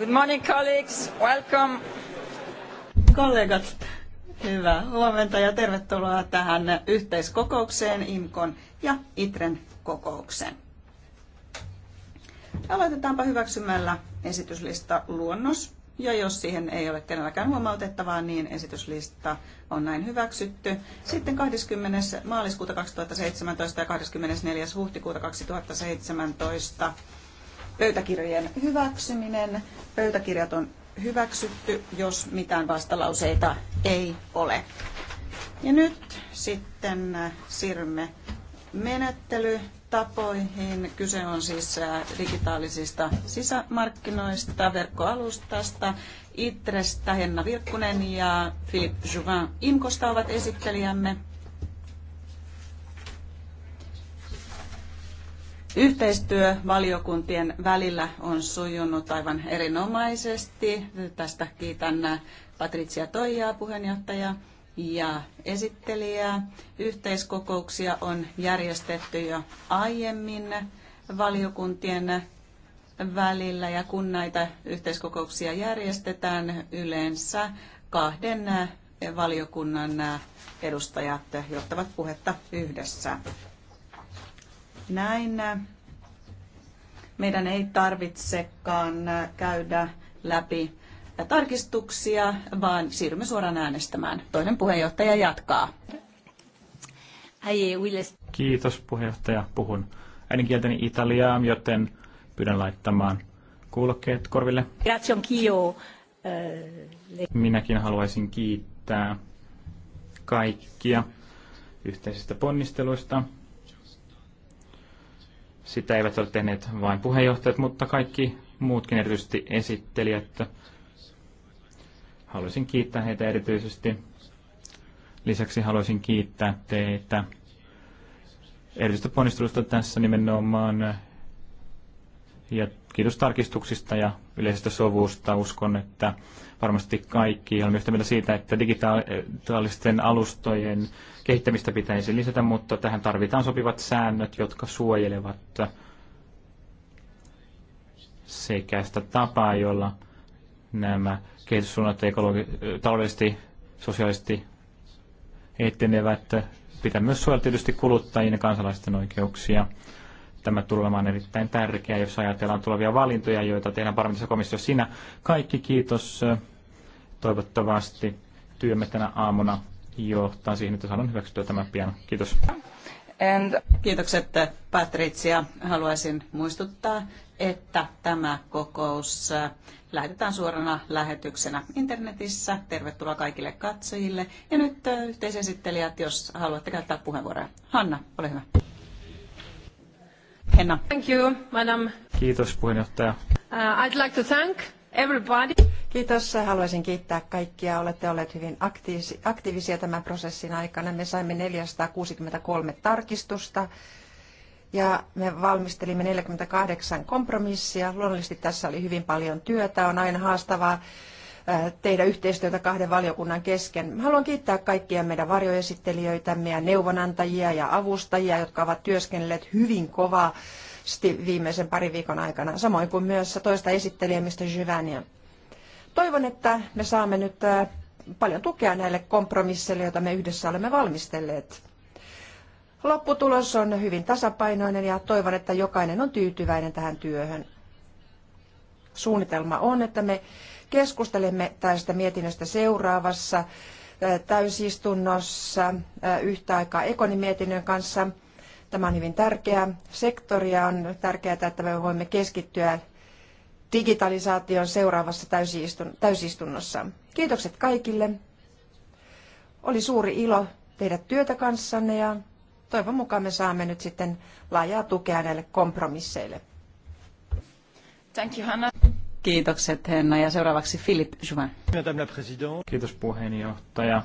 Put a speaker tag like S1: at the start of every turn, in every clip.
S1: Good morning colleagues, welcome. Kollegat, hyvää huomenta ja tervetuloa tähän yhteiskokoukseen, IMKON ja ITREN kokoukseen. Aloitetaanpa hyväksymällä esityslista luonnos. Ja jos siihen ei ole kenelläkään huomautettavaa, niin esityslista on näin hyväksytty. Sitten 20. maaliskuuta 2017 ja 24. huhtikuuta 2017 Pöytäkirjojen hyväksyminen. Pöytäkirjat on hyväksytty, jos mitään vastalauseita ei ole. Ja nyt sitten siirrymme menettelytapoihin. Kyse on siis äh, digitaalisista sisämarkkinoista, verkkoalustasta, Itrestä Henna Virkkunen ja Philippe Jouvin Imkosta ovat esittelijämme. Yhteistyö valiokuntien välillä on sujunut aivan erinomaisesti. Tästä kiitän äh, Patricia Toijaa, puheenjohtaja ja esittelijää. Yhteiskokouksia on järjestetty jo aiemmin valiokuntien välillä ja kun näitä yhteiskokouksia järjestetään yleensä kahden äh, valiokunnan äh, edustajat johtavat puhetta yhdessä. Näin meidän ei tarvitsekaan käydä läpi tarkistuksia, vaan siirrymme suoraan äänestämään. Toinen puheenjohtaja jatkaa.
S2: Kiitos puheenjohtaja. Puhun äidinkieltäni italiaa, joten pyydän laittamaan kuulokkeet korville.
S1: Eh,
S2: Minäkin haluaisin kiittää kaikkia yhteisistä ponnisteluista sitä eivät ole tehneet vain puheenjohtajat, mutta kaikki muutkin, erityisesti esittelijät. Haluaisin kiittää heitä erityisesti. Lisäksi haluaisin kiittää teitä erityisestä ponnistelusta tässä nimenomaan ja kiitos tarkistuksista ja yleisestä sovusta. Uskon, että varmasti kaikki on yhtä mieltä siitä, että digitaalisten alustojen kehittämistä pitäisi lisätä, mutta tähän tarvitaan sopivat säännöt, jotka suojelevat sekä sitä tapaa, jolla nämä kehityssuunnat ekologi- taloudellisesti, sosiaalisesti etenevät. Pitää myös suojella tietysti kuluttajien ja kansalaisten oikeuksia tämä tulee olemaan erittäin tärkeä jos ajatellaan tulevia valintoja, joita tehdään parlamentissa komissiossa. Sinä kaikki kiitos. Toivottavasti työmme tänä aamuna johtaa siihen, että saadaan hyväksyttyä tämä pian. Kiitos.
S1: And... Kiitokset Patricia. Haluaisin muistuttaa, että tämä kokous äh, lähetetään suorana lähetyksenä internetissä. Tervetuloa kaikille katsojille. Ja nyt äh, yhteisesittelijät, jos haluatte käyttää puheenvuoroja. Hanna, ole hyvä.
S3: Henna. Thank you, madam.
S2: Kiitos puheenjohtaja.
S3: Uh, I'd like to thank everybody. Kiitos. Haluaisin kiittää kaikkia. Olette olleet hyvin aktiivisia tämän prosessin aikana. Me saimme 463 tarkistusta ja me valmistelimme 48 kompromissia. Luonnollisesti tässä oli hyvin paljon työtä. On aina haastavaa tehdä yhteistyötä kahden valiokunnan kesken. Haluan kiittää kaikkia meidän varjoesittelijöitämme ja neuvonantajia ja avustajia, jotka ovat työskennelleet hyvin kovaa viimeisen parin viikon aikana, samoin kuin myös toista mistä Jyväniä. Toivon, että me saamme nyt paljon tukea näille kompromisseille, joita me yhdessä olemme valmistelleet. Lopputulos on hyvin tasapainoinen ja toivon, että jokainen on tyytyväinen tähän työhön. Suunnitelma on, että me keskustelemme tästä mietinnöstä seuraavassa täysistunnossa yhtä aikaa Ekonin kanssa. Tämä on hyvin tärkeä sektori ja on tärkeää, että me voimme keskittyä digitalisaation seuraavassa täysistunnossa. Kiitokset kaikille. Oli suuri ilo tehdä työtä kanssanne ja toivon mukaan me saamme nyt sitten laajaa tukea näille kompromisseille.
S1: Thank you, Hanna. Kiitokset Henna ja seuraavaksi Philip Juvan.
S2: Kiitos puheenjohtaja.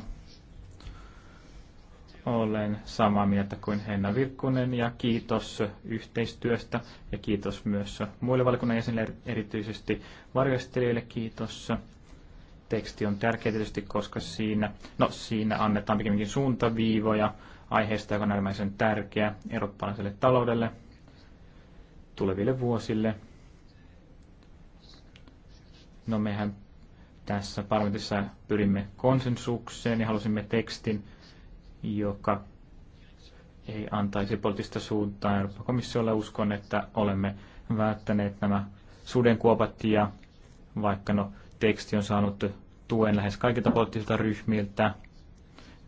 S2: Olen samaa mieltä kuin Henna Virkkunen ja kiitos yhteistyöstä ja kiitos myös muille valiokunnan jäsenille, erityisesti varjostelijoille kiitos. Teksti on tärkeä tietysti, koska siinä, no, siinä annetaan pikemminkin suuntaviivoja aiheesta, joka on äärimmäisen tärkeä eurooppalaiselle taloudelle tuleville vuosille – No mehän tässä parlamentissa pyrimme konsensukseen ja halusimme tekstin, joka ei antaisi poliittista suuntaa Euroopan komissiolle. Uskon, että olemme välttäneet nämä sudenkuopat ja vaikka no, teksti on saanut tuen lähes kaikilta poliittisilta ryhmiltä,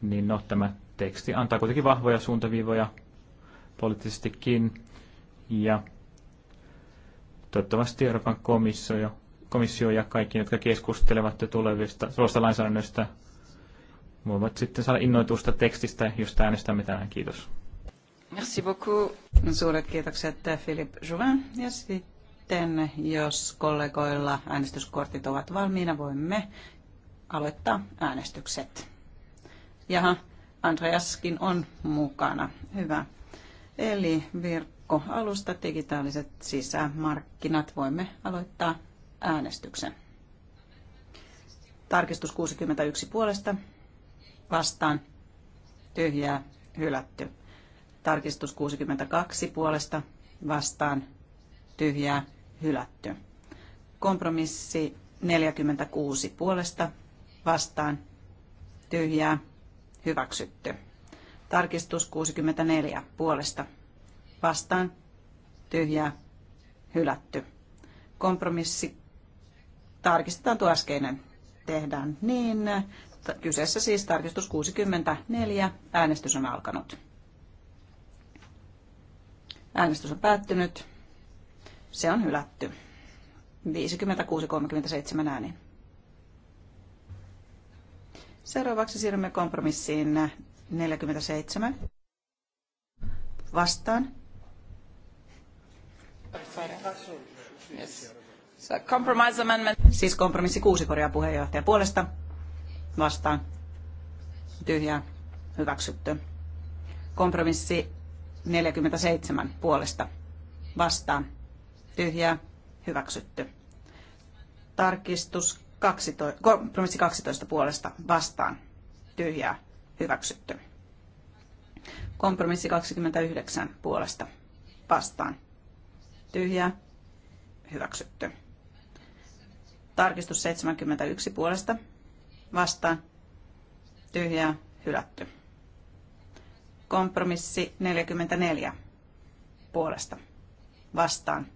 S2: niin no, tämä teksti antaa kuitenkin vahvoja suuntaviivoja poliittisestikin. Ja toivottavasti Euroopan komissio komissio ja kaikki, jotka keskustelevat tulevista tuosta lainsäädännöstä, voivat sitten saada innoitusta tekstistä, josta äänestämme tänään. Kiitos.
S1: Merci beaucoup. Suuret kiitokset Philip Jouvin. Ja sitten, jos kollegoilla äänestyskortit ovat valmiina, voimme aloittaa äänestykset. Jaha, Andreaskin on mukana. Hyvä. Eli Virkko alusta digitaaliset sisämarkkinat. Voimme aloittaa äänestyksen. Tarkistus 61 puolesta vastaan tyhjää hylätty. Tarkistus 62 puolesta vastaan tyhjää hylätty. Kompromissi 46 puolesta vastaan tyhjää hyväksytty. Tarkistus 64 puolesta vastaan tyhjää hylätty. Kompromissi tarkistetaan tuo äskeinen. Tehdään niin. Kyseessä siis tarkistus 64. Äänestys on alkanut. Äänestys on päättynyt. Se on hylätty. 56-37 ääni. Seuraavaksi siirrymme kompromissiin 47. Vastaan. Yes. Siis kompromissi kuusi korjaa puheenjohtaja puolesta. Vastaan. tyhjä Hyväksytty. Kompromissi 47 puolesta. Vastaan. tyhjä Hyväksytty. Tarkistus 12, kompromissi 12 puolesta. Vastaan. tyhjä Hyväksytty. Kompromissi 29 puolesta. Vastaan. tyhjä Hyväksytty. Tarkistus 71 puolesta. Vastaan. Tyhjää. Hylätty. Kompromissi 44 puolesta. Vastaan.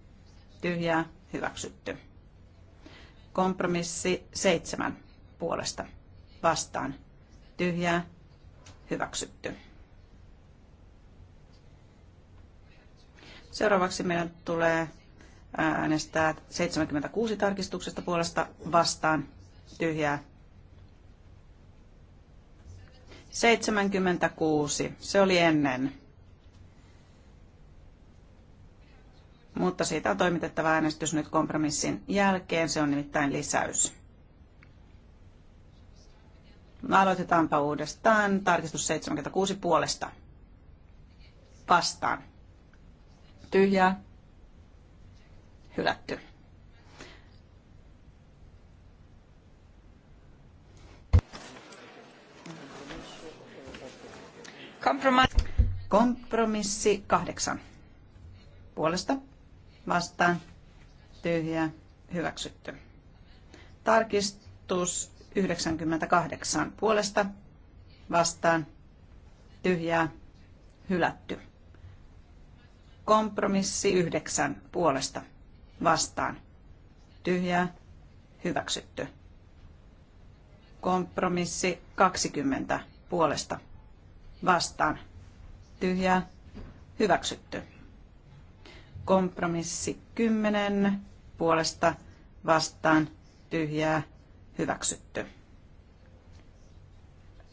S1: Tyhjää. Hyväksytty. Kompromissi 7 puolesta. Vastaan. Tyhjää. Hyväksytty. Seuraavaksi meidän tulee äänestää 76 tarkistuksesta puolesta vastaan tyhjää. 76, se oli ennen. Mutta siitä on toimitettava äänestys nyt kompromissin jälkeen, se on nimittäin lisäys. No, aloitetaanpa uudestaan. Tarkistus 76 puolesta. Vastaan. Tyhjää hylätty. Kompromissi kahdeksan. Puolesta vastaan tyhjä hyväksytty. Tarkistus 98 puolesta vastaan tyhjää hylätty. Kompromissi 9 puolesta vastaan. Tyhjää hyväksytty. Kompromissi 20 puolesta vastaan. Tyhjää hyväksytty. Kompromissi 10 puolesta vastaan. Tyhjää hyväksytty.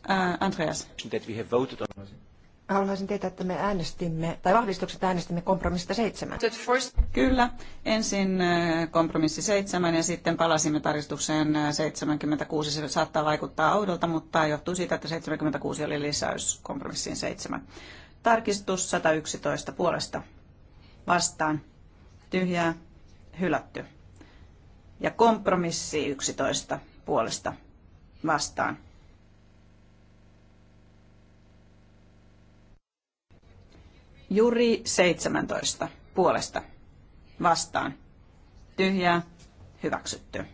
S1: Uh, Andreas.
S2: That we have voted on.
S3: Haluaisin tietää, että me äänestimme, tai vahvistukset
S1: äänestimme kompromissista seitsemän. Kyllä, ensin äh, kompromissi seitsemän ja sitten palasimme tarkistukseen 76. Äh, Se saattaa vaikuttaa oudolta, mutta johtuu siitä, että 76 oli lisäys kompromissiin seitsemän. Tarkistus 111 puolesta vastaan. Tyhjää, hylätty. Ja kompromissi 11 puolesta vastaan Juri 17 puolesta vastaan. Tyhjää hyväksytty.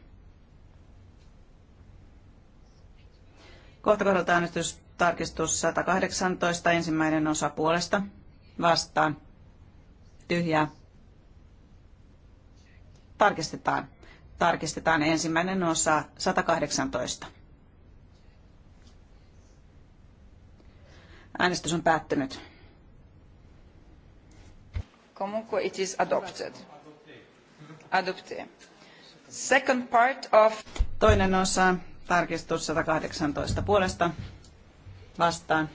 S1: Kohta kohdalta äänestys tarkistus 118 ensimmäinen osa puolesta vastaan. Tyhjää. Tarkistetaan. Tarkistetaan ensimmäinen osa 118. Äänestys on päättynyt comunque it is adopted. Adopte. Second part of... Toinen osa, tarkistus 118 puolesta, vastaan,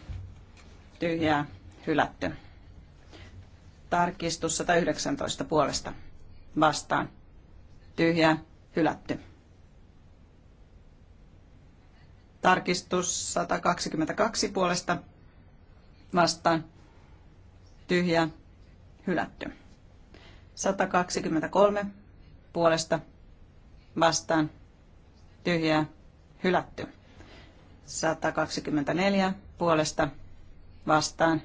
S1: tyhjää, hylätty. Tarkistus 119 puolesta, vastaan, tyhjää, hylätty. Tarkistus 122 puolesta, vastaan, tyhjää, hylätty. 123 puolesta vastaan tyhjää hylätty. 124 puolesta vastaan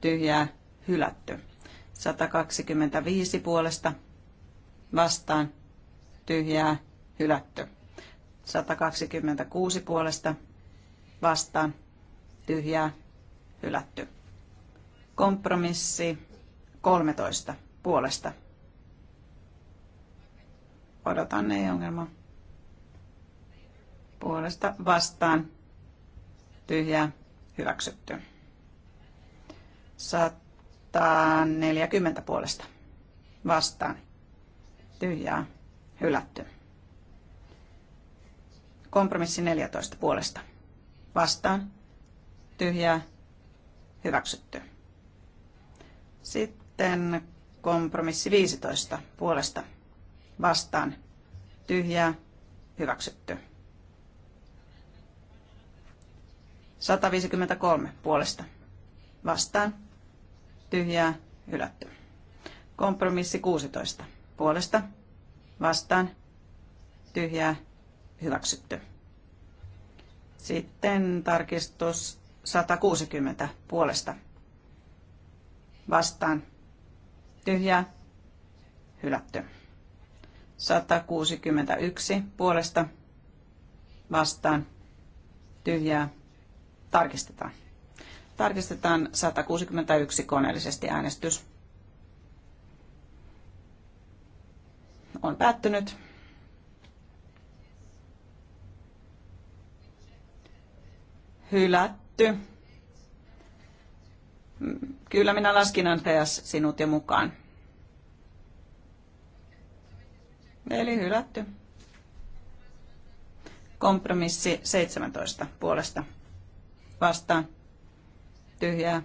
S1: tyhjää hylätty. 125 puolesta vastaan tyhjää hylätty. 126 puolesta vastaan tyhjää hylätty. Kompromissi 13 puolesta. Odotan, ei ongelma. Puolesta vastaan. tyhjä Hyväksytty. 140 puolesta. Vastaan. Tyhjää. Hylätty. Kompromissi 14 puolesta. Vastaan. Tyhjää. Hyväksytty. Sitten sitten kompromissi 15 puolesta vastaan tyhjää hyväksytty. 153 puolesta vastaan tyhjää hylätty. Kompromissi 16 puolesta vastaan tyhjää hyväksytty. Sitten tarkistus 160 puolesta vastaan tyhjää, hylätty. 161 puolesta vastaan, tyhjää, tarkistetaan. Tarkistetaan 161 koneellisesti äänestys. On päättynyt. Hylätty. Kyllä minä laskin Andreas sinut ja mukaan. Eli hylätty. Kompromissi 17 puolesta. Vastaan. Tyhjää.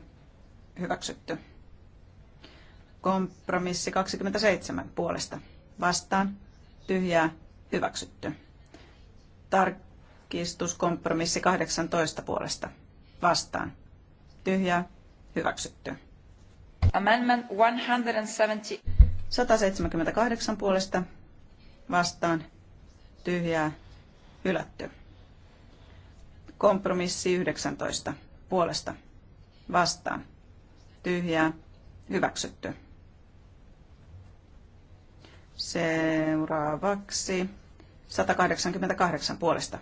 S1: Hyväksytty. Kompromissi 27 puolesta. Vastaan. Tyhjää. Hyväksytty. Tarkistuskompromissi 18 puolesta. Vastaan. Tyhjää. Hyväksytty. Amendment 170. 178 puolesta vastaan tyhjää hylätty. Kompromissi 19 puolesta vastaan tyhjää hyväksytty. Seuraavaksi 188 puolesta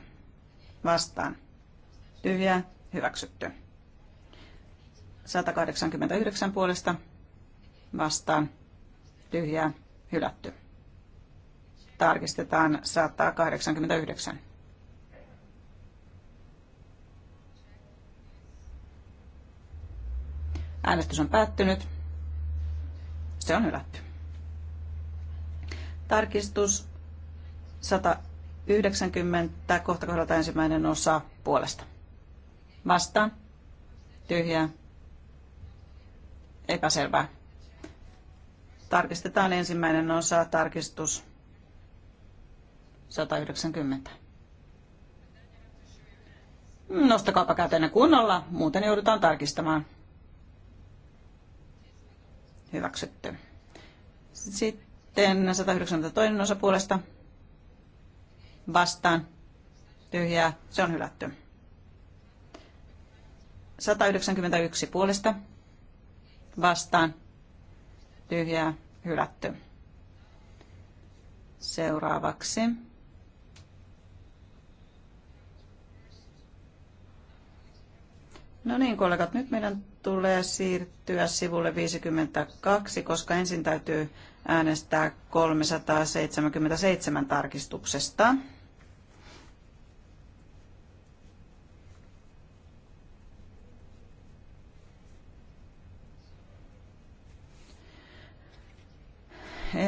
S1: vastaan tyhjää hyväksytty. 189 puolesta vastaan tyhjää hylätty. Tarkistetaan 189. Äänestys on päättynyt. Se on hylätty. Tarkistus 190, kohta kohdalta ensimmäinen osa puolesta. Vastaan. Tyhjää epäselvää. Tarkistetaan ensimmäinen osa, tarkistus 190. Nostakaapa kätenne kunnolla, muuten joudutaan tarkistamaan. Hyväksytty. Sitten 192 osa puolesta vastaan. Tyhjää, se on hylätty. 191 puolesta vastaan tyhjää hylätty. Seuraavaksi No niin, kollegat, nyt meidän tulee siirtyä sivulle 52, koska ensin täytyy äänestää 377 tarkistuksesta.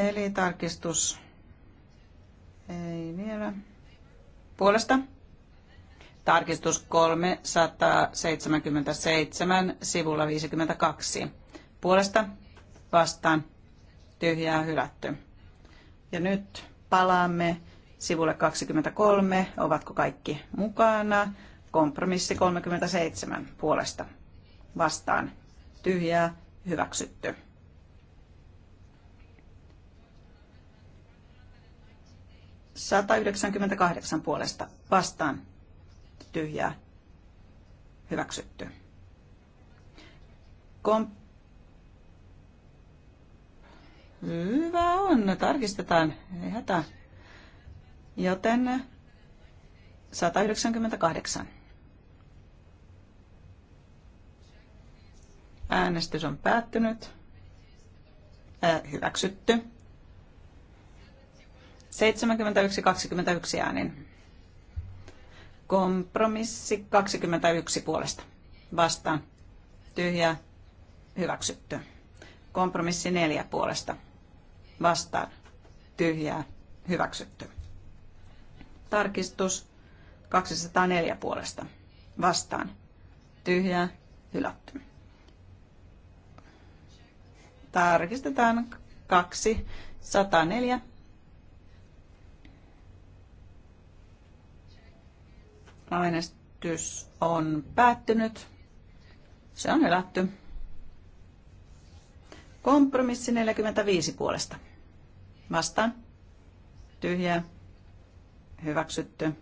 S1: Eli tarkistus ei vielä. Puolesta. Tarkistus 377 sivulla 52. Puolesta vastaan tyhjää hylätty. Ja nyt palaamme sivulle 23. Ovatko kaikki mukana? Kompromissi 37 puolesta vastaan tyhjää hyväksytty. 198 puolesta vastaan tyhjää hyväksytty. Kom- Hyvä on, tarkistetaan, ei hätä. Joten 198. Äänestys on päättynyt. Äh, hyväksytty. 71-21 äänin. Kompromissi 21 puolesta. Vastaan. Tyhjää. Hyväksytty. Kompromissi 4 puolesta. Vastaan. Tyhjää. Hyväksytty. Tarkistus 204 puolesta. Vastaan. Tyhjää. Hylätty. Tarkistetaan 204 Äänestys on päättynyt. Se on hylätty. Kompromissi 45 puolesta. Vastaan. Tyhjää. Hyväksytty.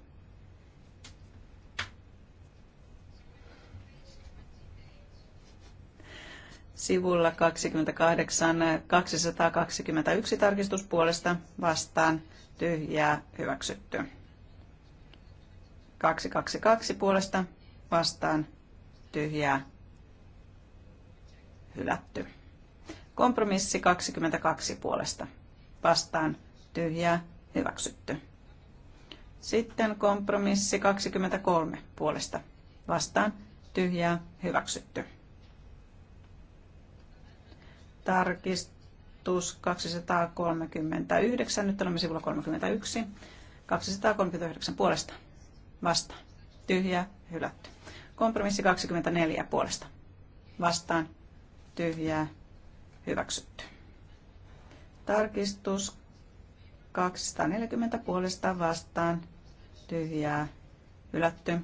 S1: Sivulla 28 221 tarkistuspuolesta vastaan tyhjää hyväksytty. 222 puolesta vastaan tyhjää hylätty. Kompromissi 22 puolesta vastaan tyhjää hyväksytty. Sitten kompromissi 23 puolesta vastaan tyhjää hyväksytty. Tarkistus 239, nyt olemme sivulla 31, 239 puolesta vastaan. Tyhjää, hylätty. Kompromissi 24 puolesta. Vastaan. Tyhjää, hyväksytty. Tarkistus 240 puolesta vastaan. Tyhjää, hylätty.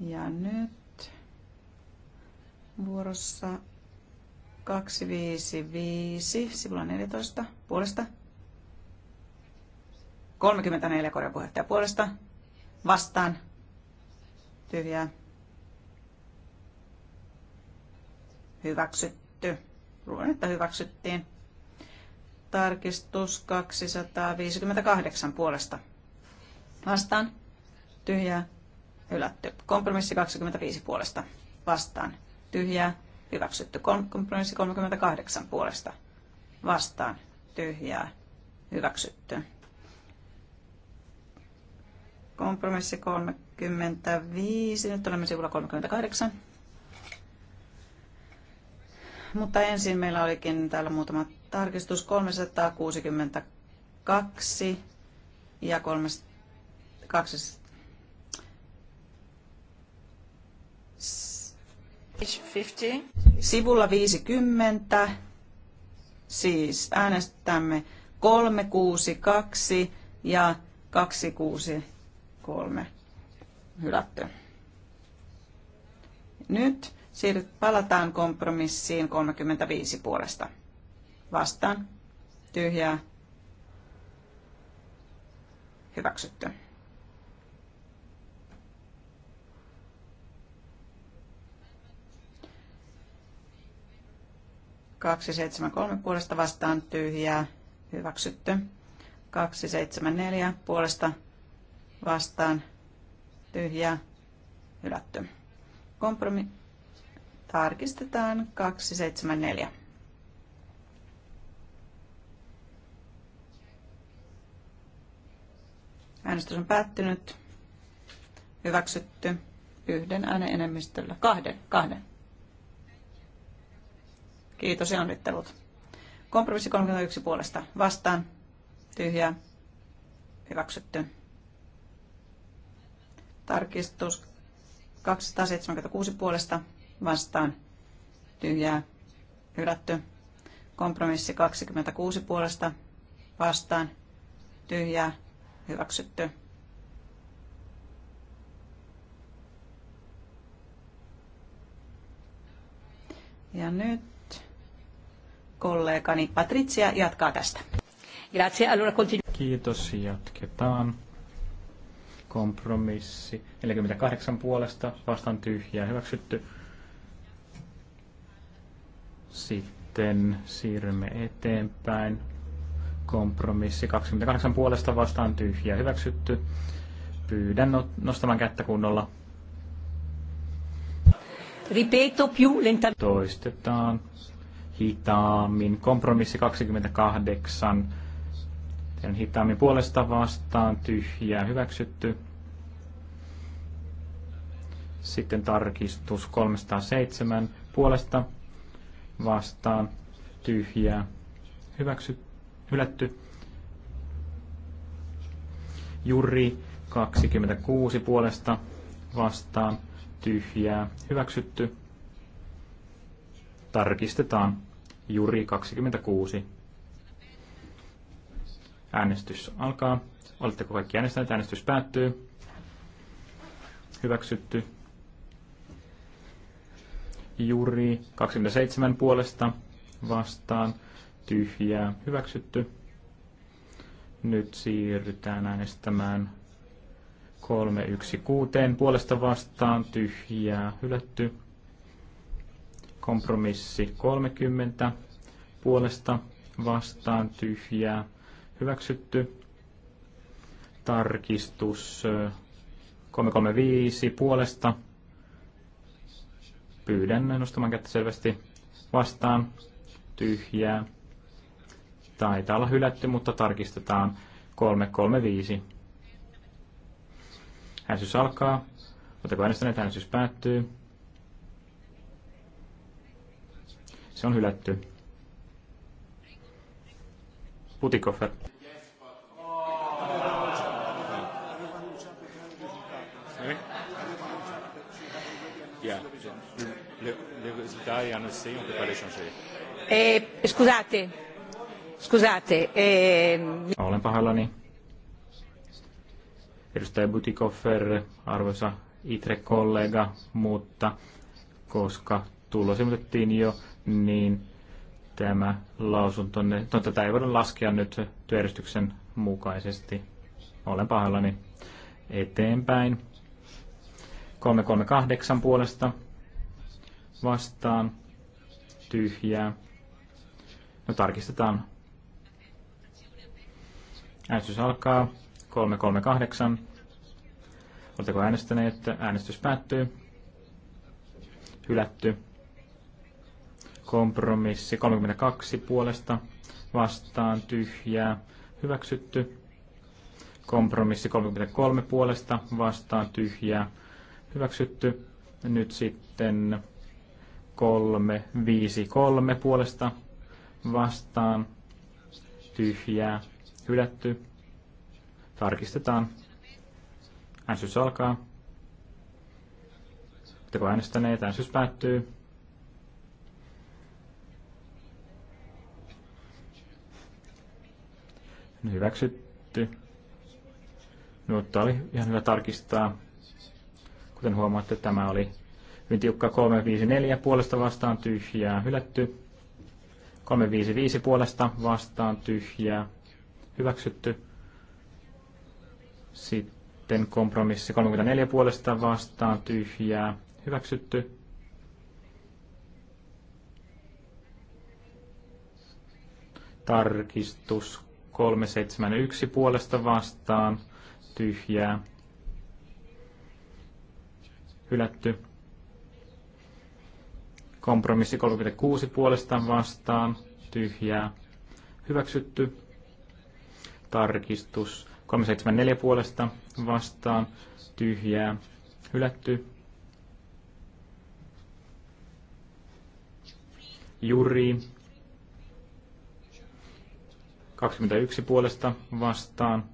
S1: Ja nyt vuorossa 255, sivulla 14, puolesta 34 korjan puheenjohtaja puolesta. Vastaan. Tyhjää. Hyväksytty. Luulen, että hyväksyttiin. Tarkistus 258 puolesta. Vastaan. Tyhjää. Hylätty. Kompromissi 25 puolesta. Vastaan. Tyhjää. Hyväksytty. Kompromissi 38 puolesta. Vastaan. Tyhjää. Hyväksytty. Kompromissi 35. Nyt olemme sivulla 38. Mutta ensin meillä olikin täällä muutama tarkistus. 362 ja 3, Sivulla 50 siis äänestämme 362 ja 26 kolme hylätty. Nyt siirryt, palataan kompromissiin 35 puolesta. Vastaan. Tyhjää. Hyväksytty. Kaksi, seitsemän, kolme puolesta vastaan tyhjää, hyväksytty. Kaksi, seitsemän, neljä puolesta vastaan tyhjää hylätty. Kompromi tarkistetaan 274. Äänestys on päättynyt. Hyväksytty yhden äänen enemmistöllä. Kahden, kahden. Kiitos ja onnittelut. Kompromissi 31 puolesta. Vastaan. Tyhjää. Hyväksytty. Tarkistus 276 puolesta vastaan tyhjää hylätty. Kompromissi 26 puolesta vastaan tyhjää hyväksytty. Ja nyt kollegani Patricia jatkaa tästä. Grazie, allora continu-
S2: Kiitos, jatketaan. Kompromissi 48 puolesta vastaan tyhjää hyväksytty. Sitten siirrymme eteenpäin. Kompromissi 28 puolesta vastaan tyhjää hyväksytty. Pyydän no- nostamaan kättä kunnolla. Ripeto più lenta. Toistetaan hitaammin. Kompromissi 28 Teidän hitaammin puolesta vastaan tyhjää hyväksytty. Sitten tarkistus 307 puolesta vastaan tyhjää hyväksy, hylätty. Juri 26 puolesta vastaan tyhjää hyväksytty. Tarkistetaan. Juri 26. Äänestys alkaa. Oletteko kaikki äänestäneet? Äänestys päättyy. Hyväksytty. Juri 27 puolesta vastaan. Tyhjää. Hyväksytty. Nyt siirrytään äänestämään 316 puolesta vastaan. Tyhjää. Hylätty. Kompromissi 30 puolesta vastaan. Tyhjää hyväksytty. Tarkistus 335 puolesta. Pyydän nostamaan kättä selvästi vastaan. Tyhjää. Taitaa olla hylätty, mutta tarkistetaan 335. Äänestys alkaa. Oletteko äänestäneet? Äänestys päättyy. Se on hylätty. Putikofer.
S1: Eh, scusate, scusate. Eh...
S2: Olen pahallani. Edustaja Butikoffer, arvoisa ITRE-kollega, mutta koska tulos jo, niin tämä lausuntonne. No, tätä ei voida laskea nyt työjärjestyksen mukaisesti. Olen pahoillani eteenpäin. 338 puolesta vastaan tyhjää. No tarkistetaan. Äänestys alkaa 338. Oletteko äänestäneet? Äänestys päättyy. Hylätty. Kompromissi 32 puolesta vastaan tyhjää hyväksytty. Kompromissi 33 puolesta vastaan tyhjää hyväksytty. Nyt sitten 353 puolesta vastaan tyhjää hylätty. Tarkistetaan. Äänestys alkaa. Oletteko äänestäneet? Äänestys päättyy. Ne hyväksytty. Mutta oli ihan hyvä tarkistaa. Kuten huomaatte, tämä oli hyvin tiukka 354 puolesta vastaan tyhjää hylätty. 355 puolesta vastaan tyhjää hyväksytty. Sitten kompromissi 34 puolesta vastaan tyhjää hyväksytty. Tarkistus 371 puolesta vastaan, tyhjää, hylätty. Kompromissi 36 puolesta vastaan, tyhjää, hyväksytty. Tarkistus 374 puolesta vastaan, tyhjää, hylätty. Juri 21 puolesta vastaan.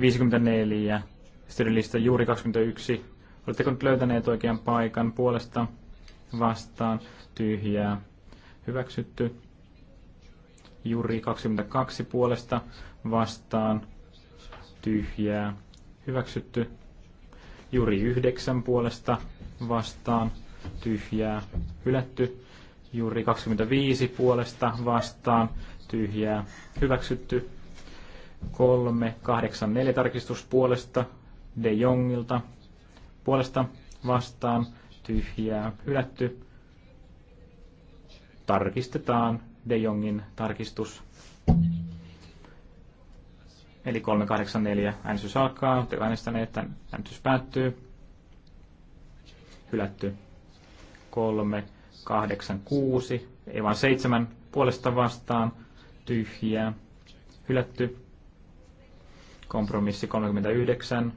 S2: Viisikymmentäneljä. Sitten lista juuri 21. Oletteko nyt löytäneet oikean paikan puolesta vastaan? Tyhjää. Hyväksytty. Juuri 22 puolesta vastaan. Tyhjää. Hyväksytty. Juuri yhdeksän puolesta vastaan tyhjää hylätty. Juuri 25 puolesta vastaan tyhjää hyväksytty. 3, 8, 4 tarkistus puolesta De Jongilta puolesta vastaan tyhjää hylätty. Tarkistetaan De Jongin tarkistus Eli 384 äänestys alkaa. olette äänestäneet? että Äänestys päättyy. Hylätty. 386. Ei vaan seitsemän puolesta vastaan. Tyhjää. Hylätty. Kompromissi 39.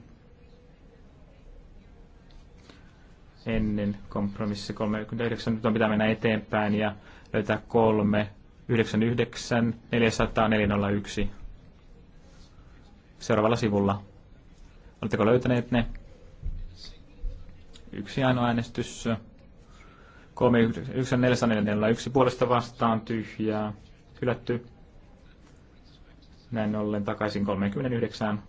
S2: Ennen kompromissi 39. Nyt on pitää mennä eteenpäin ja löytää 399 400, 401 seuraavalla sivulla. Oletteko löytäneet ne? Yksi ainoa äänestys. 3.9441 puolesta vastaan tyhjää. Hylätty. Näin ollen takaisin 39.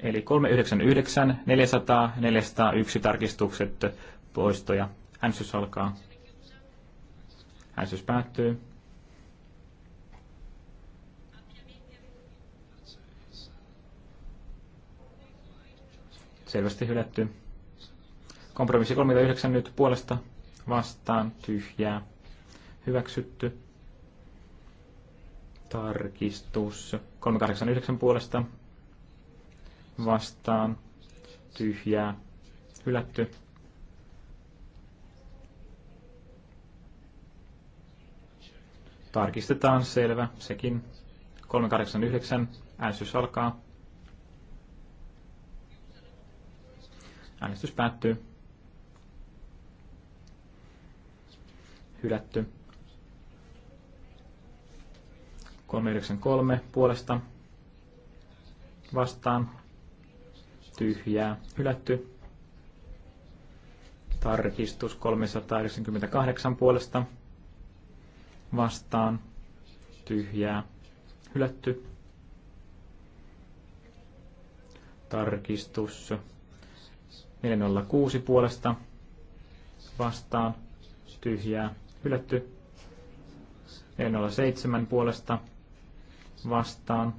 S2: Eli 399, 400, 401 tarkistukset, poistoja. Äänestys alkaa. Äänestys päättyy. selvästi hylätty. Kompromissi 39 nyt puolesta vastaan tyhjää hyväksytty. Tarkistus 389 puolesta vastaan tyhjää hylätty. Tarkistetaan selvä sekin. 389 Äänsys alkaa. Äänestys päättyy. Hylätty. 393 puolesta vastaan. Tyhjää. Hylätty. Tarkistus 398 puolesta vastaan. Tyhjää. Hylätty. Tarkistus 406 puolesta vastaan tyhjää hylätty. 407 puolesta vastaan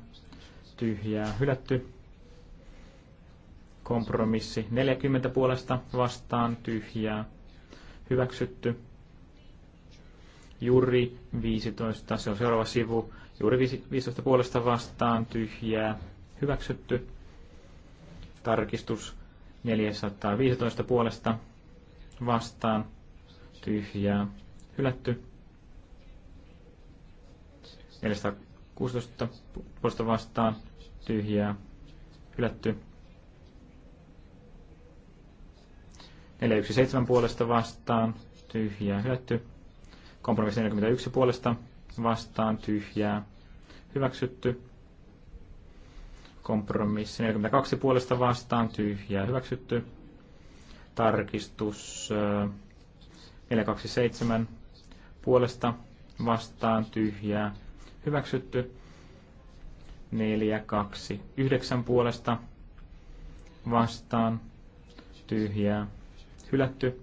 S2: tyhjää hylätty. Kompromissi 40 puolesta vastaan tyhjää hyväksytty. Juri 15, se on seuraava sivu. Juuri 15 puolesta vastaan tyhjää hyväksytty. Tarkistus 415 puolesta vastaan tyhjää hylätty. 416 puolesta vastaan tyhjää hylätty. 417 puolesta vastaan tyhjää hylätty. Kompromissi 41 puolesta vastaan tyhjää hyväksytty. Kompromissi 42 puolesta vastaan, tyhjää hyväksytty. Tarkistus 427 puolesta vastaan, tyhjää hyväksytty. 429 puolesta vastaan, tyhjää hylätty.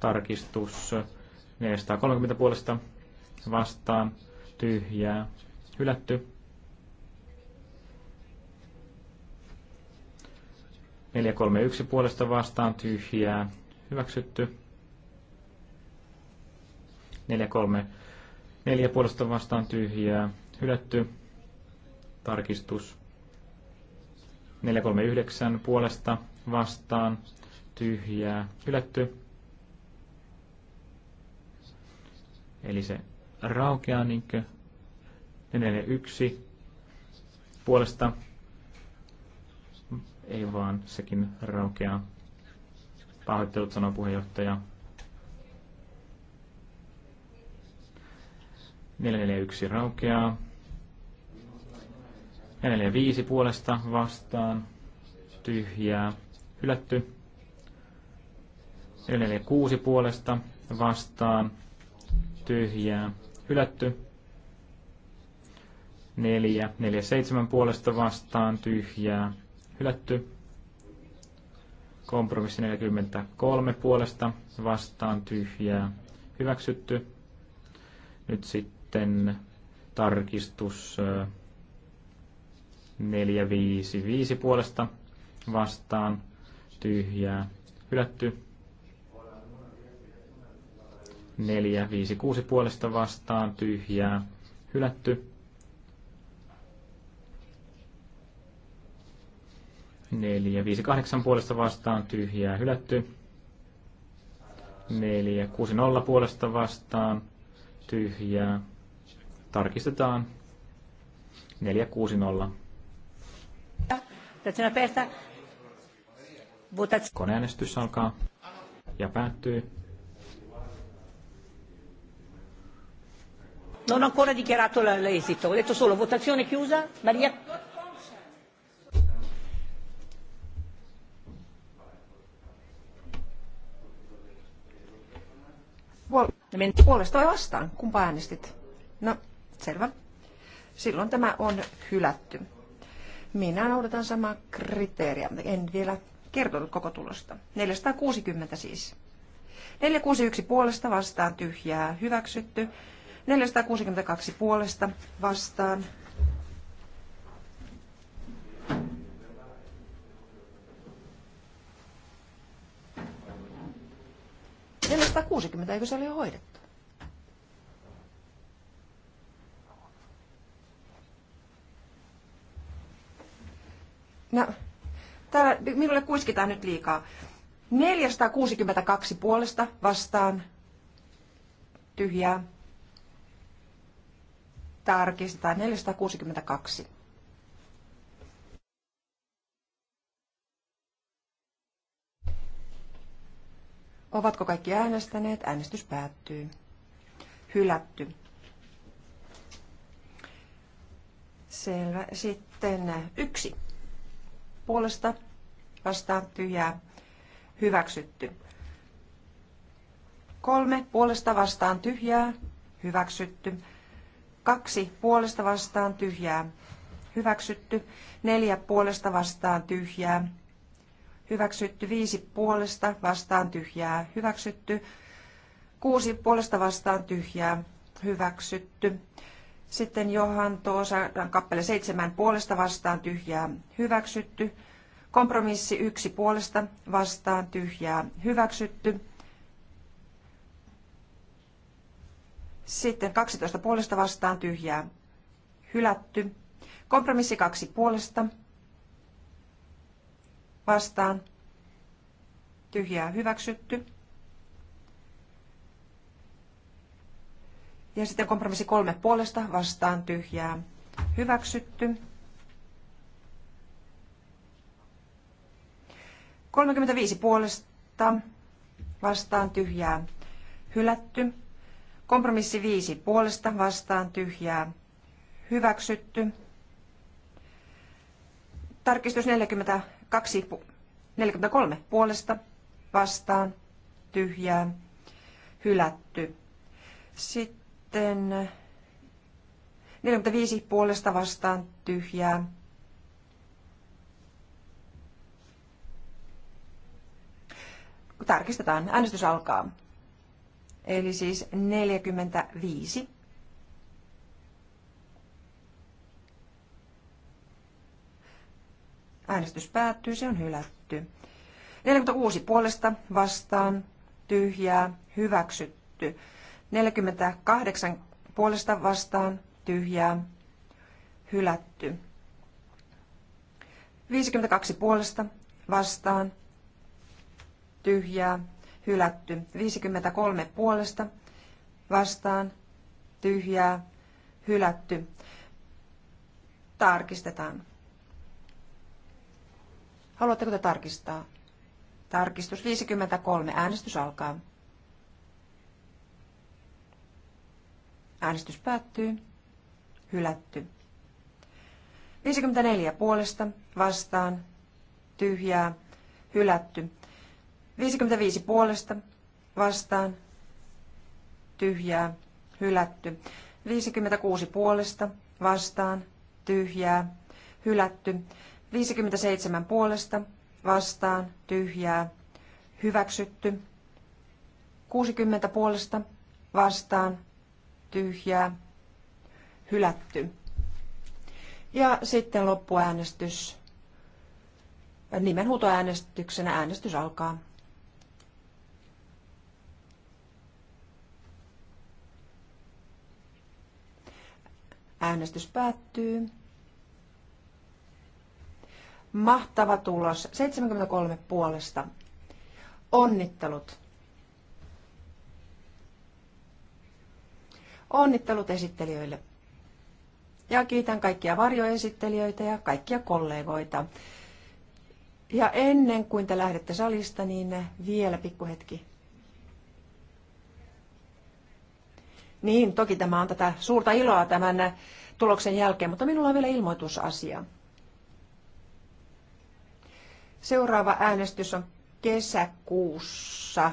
S2: Tarkistus 430 puolesta vastaan, tyhjää hylätty 431 puolesta vastaan tyhjää. Hyväksytty. 434 puolesta vastaan tyhjää. Hylätty. Tarkistus. 439 puolesta vastaan tyhjää. Hylätty. Eli se raukeaa niinkö 441 puolesta ei vaan, sekin raukeaa. Pahoittelut, sanoo puheenjohtaja. 441 raukeaa. 445 puolesta vastaan. Tyhjää. Hylätty. 446 puolesta vastaan. Tyhjää. Hylätty. 447 puolesta vastaan. Tyhjää hylätty. Kompromissi 43 puolesta vastaan tyhjää hyväksytty. Nyt sitten tarkistus 455 puolesta vastaan tyhjää hylätty. 456 puolesta vastaan tyhjää hylätty. 4, 5, 8 puolesta vastaan, tyhjää hylätty. 4, 6, 0 puolesta vastaan, tyhjää. Tarkistetaan. 4, 6, 0. Koneäänestys alkaa ja päättyy.
S1: Non ho ancora dichiarato l'esito, ho detto solo votazione chiusa, Maria
S3: Puol- puolesta vai vastaan? Kumpa äänestit? No, selvä. Silloin tämä on hylätty. Minä noudatan samaa kriteeriä. En vielä kertonut koko tulosta. 460 siis. 461 puolesta vastaan tyhjää hyväksytty. 462 puolesta vastaan 60, eikö se ole jo hoidettu? No, täällä minulle kuiskitaan nyt liikaa. 462 puolesta vastaan. Tyhjää. Tarkistetaan 462. Ovatko kaikki äänestäneet? Äänestys päättyy. Hylätty. Selvä. Sitten yksi. Puolesta vastaan tyhjää. Hyväksytty. Kolme. Puolesta vastaan tyhjää. Hyväksytty. Kaksi. Puolesta vastaan tyhjää. Hyväksytty. Neljä. Puolesta vastaan tyhjää hyväksytty, viisi puolesta vastaan tyhjää, hyväksytty, kuusi puolesta vastaan tyhjää, hyväksytty. Sitten Johan Toosan kappale seitsemän puolesta vastaan tyhjää, hyväksytty. Kompromissi yksi puolesta vastaan tyhjää, hyväksytty. Sitten 12 puolesta vastaan tyhjää, hylätty. Kompromissi kaksi puolesta vastaan tyhjää hyväksytty. Ja sitten kompromissi kolme puolesta vastaan tyhjää hyväksytty. 35 puolesta vastaan tyhjää hylätty. Kompromissi 5 puolesta vastaan tyhjää hyväksytty. Tarkistus 40 42, 43 puolesta vastaan tyhjää hylätty. Sitten 45 puolesta vastaan tyhjää tarkistetaan, äänestys alkaa. Eli siis 45. Äänestys päättyy, se on hylätty. 46 puolesta vastaan, tyhjää, hyväksytty. 48 puolesta vastaan, tyhjää, hylätty. 52 puolesta vastaan, tyhjää, hylätty. 53 puolesta vastaan, tyhjää, hylätty. Tarkistetaan. Haluatteko te tarkistaa? Tarkistus 53. Äänestys alkaa. Äänestys päättyy. Hylätty. 54 puolesta, vastaan, tyhjää, hylätty. 55 puolesta, vastaan, tyhjää, hylätty. 56 puolesta, vastaan, tyhjää, hylätty. 57 puolesta, vastaan, tyhjää, hyväksytty. 60 puolesta, vastaan, tyhjää, hylätty. Ja sitten loppuäänestys. Nimenhuutoäänestyksenä äänestys alkaa. Äänestys päättyy. Mahtava tulos. 73 puolesta. Onnittelut. Onnittelut esittelijöille. Ja kiitän kaikkia varjoesittelijöitä ja kaikkia kollegoita. Ja ennen kuin te lähdette salista, niin vielä pikkuhetki. Niin, toki tämä on tätä suurta iloa tämän tuloksen jälkeen, mutta minulla on vielä ilmoitusasia. Seuraava äänestys on kesäkuussa